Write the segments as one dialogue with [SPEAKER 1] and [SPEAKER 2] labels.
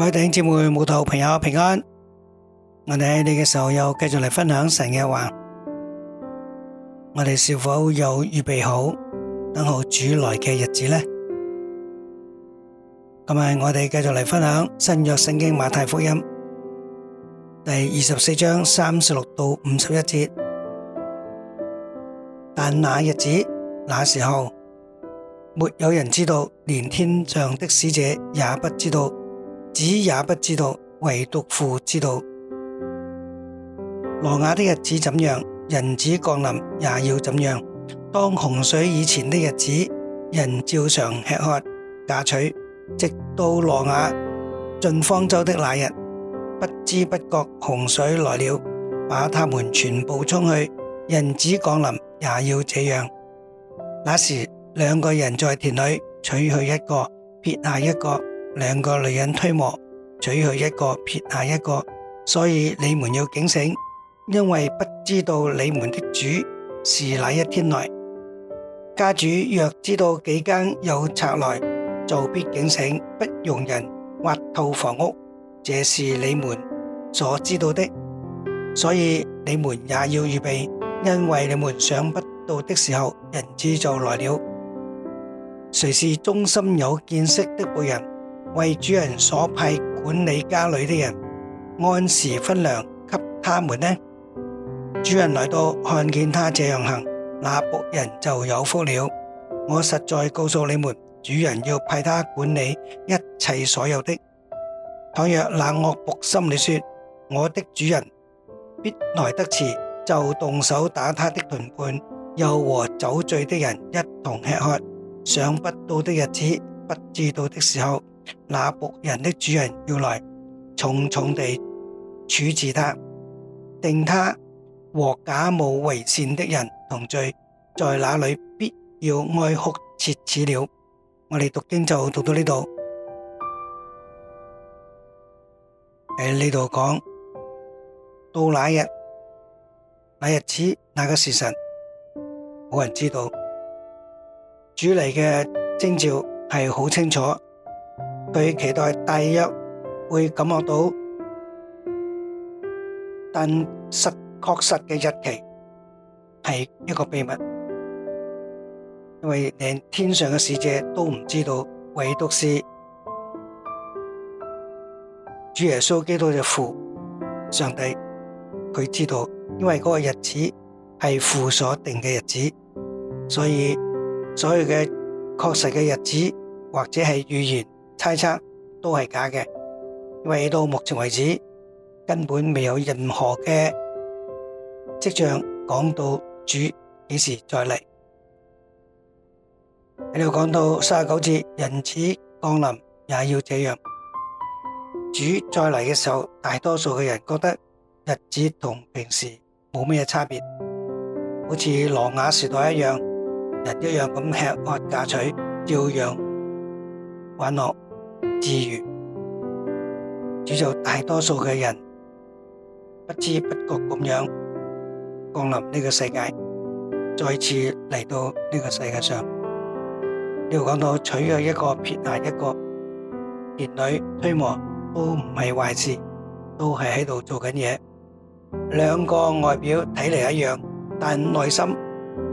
[SPEAKER 1] 各位弟兄姊妹、慕道朋友平安，我哋喺呢個時候又繼續嚟分享神嘅話，我哋是否有預備好等候主來嘅日子呢？今日我哋繼續嚟分享新約聖經馬太福音第二十四章三十六到五十一節，但那日子、那時候，沒有人知道，連天上的使者也不知道。子也不知道，唯獨父知道。挪亞的日子怎樣，人子降臨也要怎樣。當洪水以前的日子，人照常吃喝嫁娶，直到挪亞進方舟的那日，不知不覺洪水來了，把他們全部衝去。人子降臨也要這樣。那時兩個人在田裏，取去一個，撇下一個。兩個女人推磨，取去一個，撇下一個，所以你們要警醒，因為不知道你們的主是哪一天來。家主若知道幾更有賊來，就必警醒，不容人挖透房屋，這是你們所知道的。所以你們也要預備，因為你們想不到的時候，人子就來了。誰是忠心有見識的僕人？為主人所派管理家裏的人，按時分糧給他們呢？主人來到看見他這樣行，那僕人就有福了。我實在告訴你們，主人要派他管理一切所有的。倘若那惡僕心裏說：我的主人必來得遲，就動手打他的同伴，又和酒醉的人一同吃喝。想不到的日子，不知道的時候。那僕人的主人要來重重地處置他，定他和假冒為善的人同罪，在那裏必要哀哭切齒了。我哋讀經就讀到呢度。喺呢度講到那日、那日子、那個時辰，冇人知道。主嚟嘅徵兆係好清楚。佢期待大約會感覺到但失，但實確實嘅日期係一個秘密，因為連天上嘅使者都唔知道，唯獨是主耶穌基督嘅父上帝佢知道，因為嗰個日子係父所定嘅日子，所以所有嘅確實嘅日子或者係預言。猜測都係假嘅，因為到目前為止根本未有任何嘅跡象講到主幾時再嚟。喺度講到三十九節，人子降臨也要這樣。主再嚟嘅時候，大多數嘅人覺得日子同平時冇咩差別，好似挪亞時代一樣，人一樣咁吃喝嫁娶，照樣玩樂。治愈，主就大多數嘅人不知不覺咁樣降臨呢個世界，再次嚟到呢個世界上。又講到取一個，撇下一個兩女，推磨都唔係壞事，都係喺度做緊嘢。兩個外表睇嚟一樣，但內心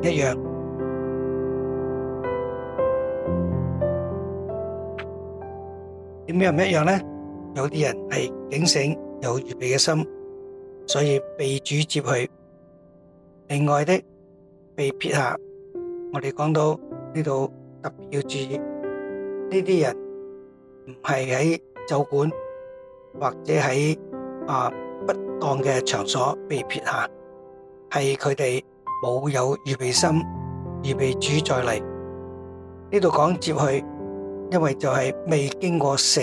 [SPEAKER 1] 一樣。點解唔一樣呢？有啲人係警醒，有預備嘅心，所以被主接去；另外的被撇下，我哋講到呢度特別要注意，呢啲人唔係喺酒館或者喺啊不當嘅場所被撇下，係佢哋冇有預備心預備主再嚟。呢度講接去。因為就係未經過死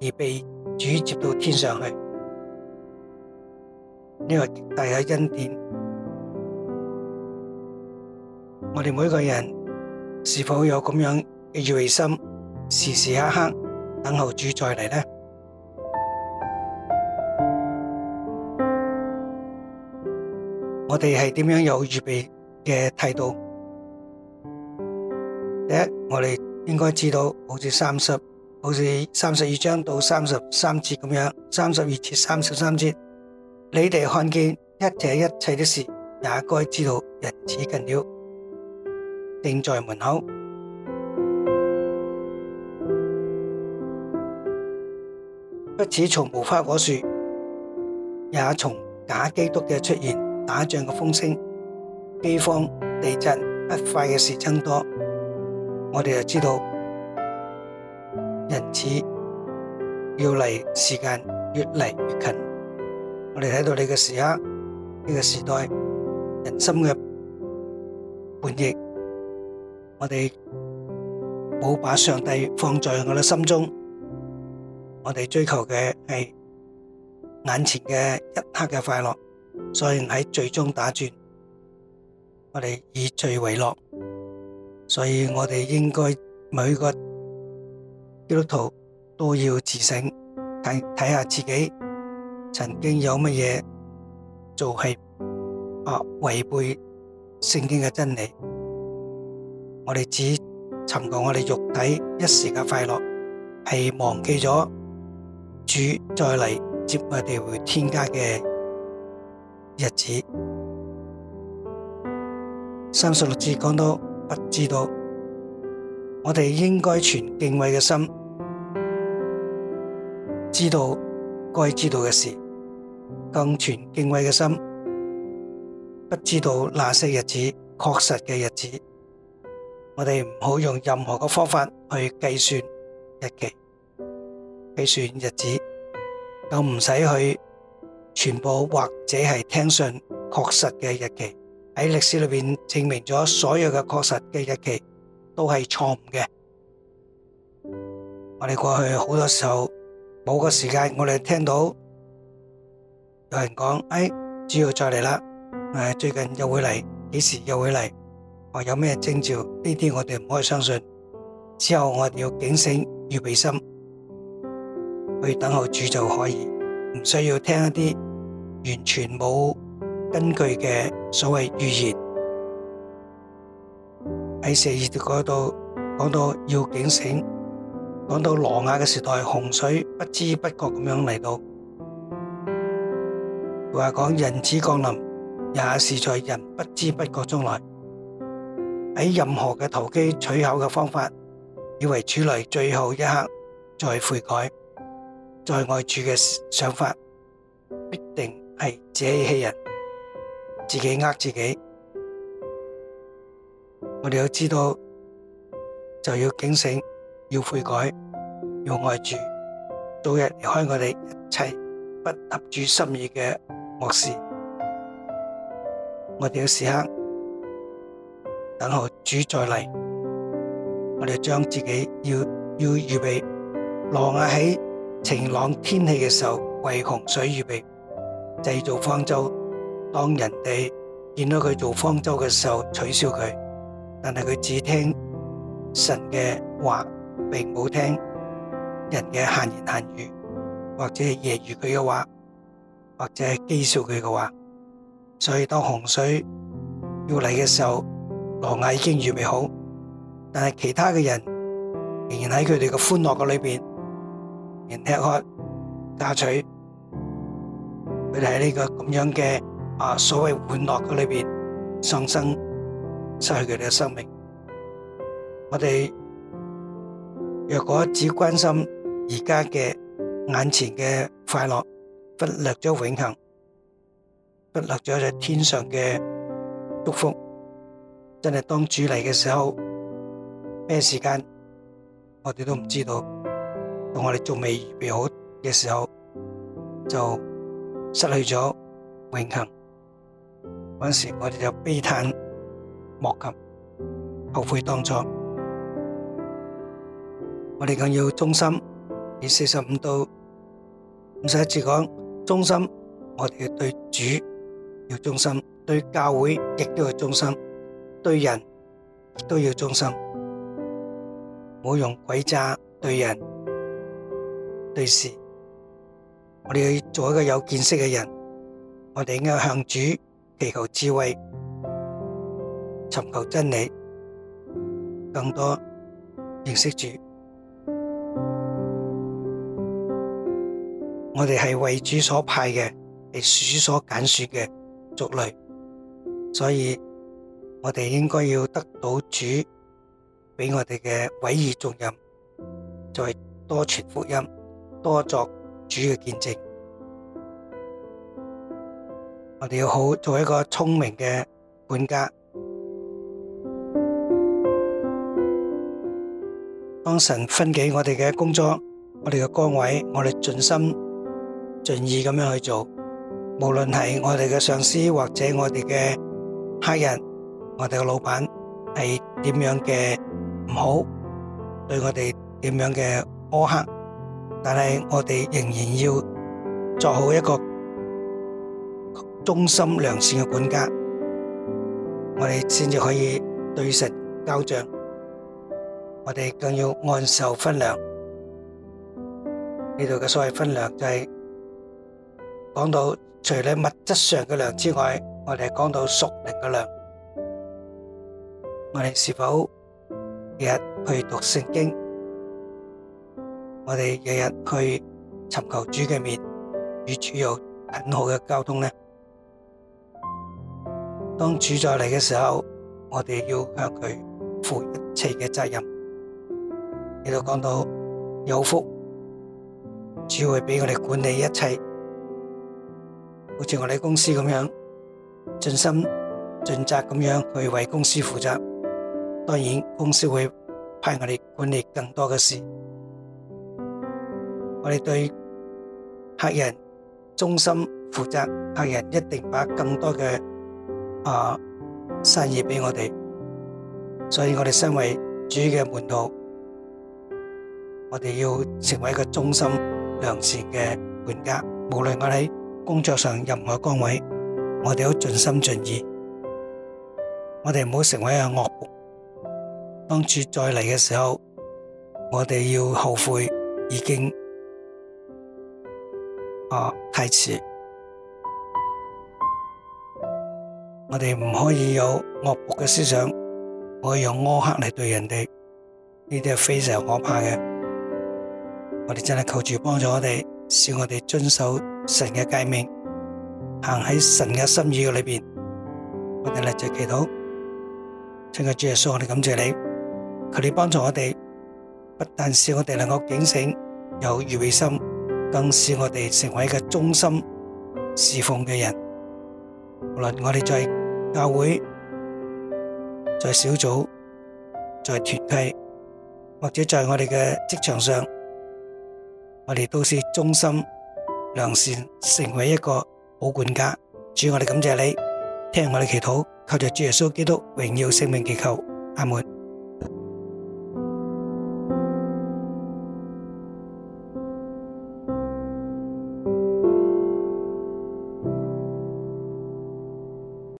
[SPEAKER 1] 而被主接到天上去，呢個係第一恩典。我哋每個人是否有咁樣嘅預備心，時時刻刻等候主再嚟呢？我哋係點樣有預備嘅態度？第一，我哋。應該知道，好似三十，好似三十二章到三十三節咁樣，三十二節、三十三節，你哋看見一切一切的事，也該知道，人子近了，正在門口。不只從無花果樹，也從假基督嘅出現、打仗嘅風聲、饑荒、地震、不快嘅事增多。我哋就知道，人子要嚟，時間越嚟越近。我哋睇到你嘅時刻，呢個時代，人心嘅叛逆，我哋冇把上帝放在我哋心中，我哋追求嘅係眼前嘅一刻嘅快樂，所以喺最終打轉，我哋以罪為樂。所以我哋應該每個基督徒都要自省，睇睇下自己曾經有乜嘢做係啊違背聖經嘅真理。我哋只尋求我哋肉體一時嘅快樂，係忘記咗主再嚟接我哋回天家嘅日子。三十六節講到。不知道，我哋應該存敬畏嘅心，知道該知道嘅事，更存敬畏嘅心。不知道那些日子確實嘅日子，我哋唔好用任何嘅方法去計算日期，計算日子，更唔使去傳播或者係聽信確實嘅日期。喺歷史裏面證明咗，所有嘅確實嘅日期都係錯誤嘅。我哋過去好多時候，某個時間我哋聽到有人講：哎，主要再嚟啦，誒，最近又會嚟，幾時又會嚟，或有咩徵兆？呢啲，我哋唔可以相信。之後我哋要警醒、預備心，去等候主就可以，唔需要聽一啲完全冇。根據嘅所謂預言，喺十二嗰度講到要警醒，講到挪亞嘅時代洪水不知不覺咁樣嚟到，話講人子降臨也是在人不知不覺中來，喺任何嘅投機取巧嘅方法，以為處理最後一刻再悔改，再愛主嘅想法，必定係自欺欺人。自己呃自己，我哋要知道就要警醒，要悔改，要愛主，早日離開我哋一切不合主心意嘅惡事。我哋要時刻等候主再嚟，我哋將自己要要預備，挪亞喺晴朗天氣嘅時候為洪水預備製造方舟。當人哋見到佢做方舟嘅時候，取笑佢，但係佢只聽神嘅話，並冇聽人嘅閒言閒語，或者係揶揄佢嘅話，或者係譏笑佢嘅話。所以當洪水要嚟嘅時候，挪亞已經預備好，但係其他嘅人仍然喺佢哋嘅歡樂嘅裏邊，人吃喝嫁娶，佢哋係呢個咁樣嘅。啊！所謂玩樂嗰裏面喪生、失去佢哋嘅生命。我哋若果只關心而家嘅眼前嘅快樂，忽略咗永恆，忽略咗喺天上嘅祝福，真係當主嚟嘅時候，咩時間我哋都唔知道。當我哋仲未預備好嘅時候，就失去咗永恆。嗰時我哋就悲嘆莫及，後悔當初。我哋更要忠心，以四十五度五十一次講忠心。我哋要對主要忠心，對教會亦都要忠心，對人亦都要忠心。唔好用詭詐對人對事。我哋要做一個有見識嘅人，我哋應該向主。祈求智慧，尋求真理，更多認識主。我哋係為主所派嘅，係主所揀選嘅族類，所以我哋應該要得到主俾我哋嘅委以重任，就係多傳福音，多作主嘅見證。我哋要好做一個聰明嘅管家。當神分俾我哋嘅工作，我哋嘅崗位，我哋盡心盡意咁樣去做。無論係我哋嘅上司，或者我哋嘅客人，我哋嘅老闆係點樣嘅唔好，對我哋點樣嘅苛刻，但係我哋仍然要做好一個。忠心良善嘅管家，我哋先至可以對神交賬。我哋更要按時分糧。呢度嘅所謂分糧就係講到除你物質上嘅糧之外，我哋講到屬靈嘅糧。我哋是否日日去讀聖經？我哋日日去尋求主嘅面，與主有很好嘅交通呢？當主再嚟嘅時候，我哋要向佢負一切嘅責任。亦都講到有福，主會俾我哋管理一切，好似我哋公司咁樣，盡心盡責咁樣去為公司負責。當然，公司會派我哋管理更多嘅事，我哋對客人忠心負責，客人一定把更多嘅。啊！生意俾我哋，所以我哋身為主嘅門徒，我哋要成為一個忠心良善嘅管家。無論我喺工作上任何崗位，我哋都盡心盡意。我哋唔好成為一個惡僕。當主再嚟嘅時候，我哋要後悔已經啊太遲。我哋唔可以有惡毒嘅思想，唔可以用苛刻嚟對人哋，呢啲係非常可怕嘅。我哋真係求主幫助我哋，使我哋遵守神嘅誡命，行喺神嘅心意嘅裏面。我哋嚟至祈禱，請個主耶穌，我哋感謝你，求你幫助我哋，不但使我哋能夠警醒，有預備心，更使我哋成為一個忠心侍奉嘅人。無論我哋在教會、在小組、在團體，或者在我哋嘅職場上，我哋都是忠心良善，成為一個好管家。主，我哋感謝你，聽我哋祈禱，靠着主耶穌基督榮耀聖名祈求，阿門。